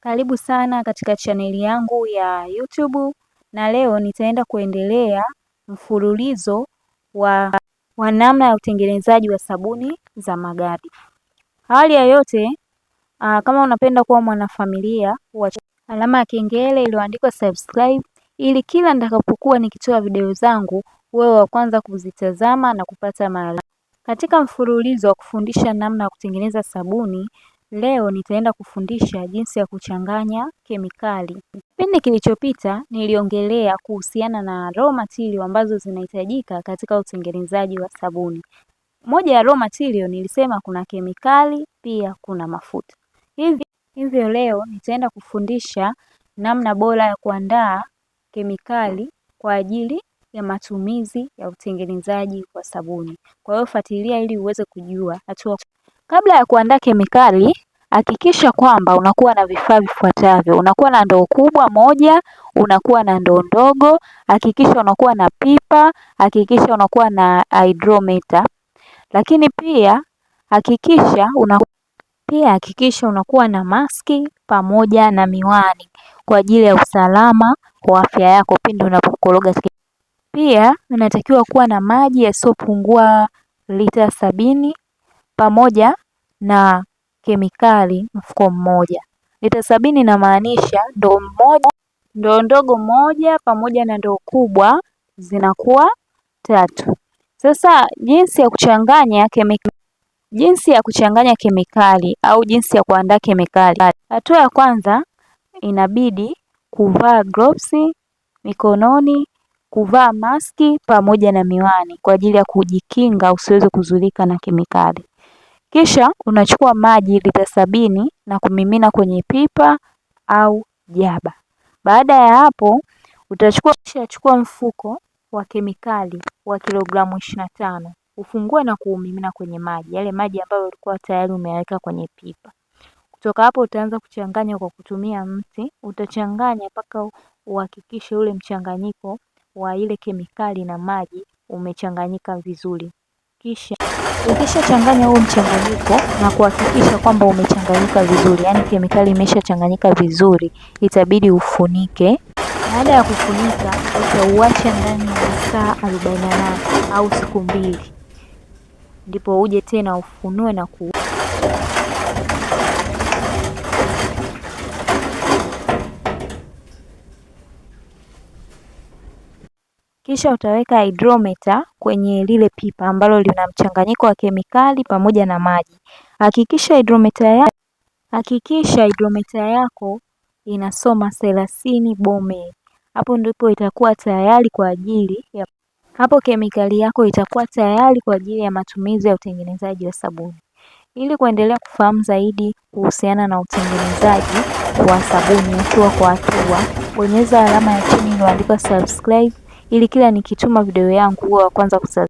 Karibu sana katika chaneli yangu ya YouTube na leo nitaenda kuendelea mfululizo wa, wa namna ya utengenezaji wa sabuni za magadi. Hali ya yote aa, ah, kama unapenda kuwa mwanafamilia wa alama ya kengele iliyoandikwa subscribe ili kila nitakapokuwa nikitoa video zangu wewe wa kwanza kuzitazama na kupata maarifa. Katika mfululizo wa kufundisha namna ya kutengeneza sabuni Leo nitaenda kufundisha jinsi ya kuchanganya kemikali. Kipindi kilichopita niliongelea kuhusiana na raw material ambazo zinahitajika katika utengenezaji wa sabuni. Moja ya raw material nilisema kuna kemikali, pia kuna mafuta. Hivyo, hivyo leo nitaenda kufundisha namna bora ya kuandaa kemikali kwa ajili ya matumizi ya utengenezaji wa sabuni. Kwa hiyo fuatilia ili uweze kujua hatua Kabla ya kuandaa kemikali hakikisha kwamba unakuwa na vifaa vifuatavyo, unakuwa na ndoo kubwa moja, unakuwa na ndoo ndogo, hakikisha unakuwa na pipa, hakikisha unakuwa na hydrometer lakini pia hakikisha unakuwa pia hakikisha unakuwa na maski pamoja na miwani kwa ajili ya usalama wa afya yako pindi unapokoroga. Pia unatakiwa kuwa na maji yasiyopungua lita sabini pamoja na kemikali mfuko mmoja. Lita sabini inamaanisha ndoo ndogo moja pamoja na ndoo kubwa zinakuwa tatu. Sasa jinsi ya kuchanganya kemikali jinsi ya kuchanganya kemikali au jinsi ya kuandaa kemikali. Hatua ya kwanza inabidi kuvaa gloves mikononi, kuvaa maski pamoja na miwani kwa ajili ya kujikinga usiweze kuzulika na kemikali. Kisha unachukua maji lita sabini na kumimina kwenye pipa au jaba. Baada ya hapo utachukua mfuko wa kemikali wa kilogramu ishirini na tano ufungue na kuumimina kwenye maji, yale maji ambayo ulikuwa tayari umeweka kwenye pipa. Kutoka hapo utaanza kuchanganya kwa kutumia mti, utachanganya mpaka uhakikishe ule mchanganyiko wa ile kemikali na maji umechanganyika vizuri kisha ukishachanganya huo mchanganyiko na kuhakikisha kwamba umechanganyika vizuri, yaani kemikali imeshachanganyika vizuri, itabidi ufunike. Baada ya kufunika, utauacha ndani ya masaa 48 au siku mbili, ndipo uje tena ufunue na ku Kisha utaweka hydrometer kwenye lile pipa ambalo lina mchanganyiko wa kemikali pamoja na maji. Hakikisha hydrometer yako inasoma thelathini bome. Hapo ndipo itakuwa tayari kwa ajili ya hapo kemikali yako itakuwa tayari kwa ajili ya matumizi ya utengenezaji wa sabuni. Ili kuendelea kufahamu zaidi kuhusiana na utengenezaji wa sabuni hatua kwa hatua, bonyeza alama ya chini iliyoandikwa subscribe ili kila nikituma video yangu huwa wa kwanza kusa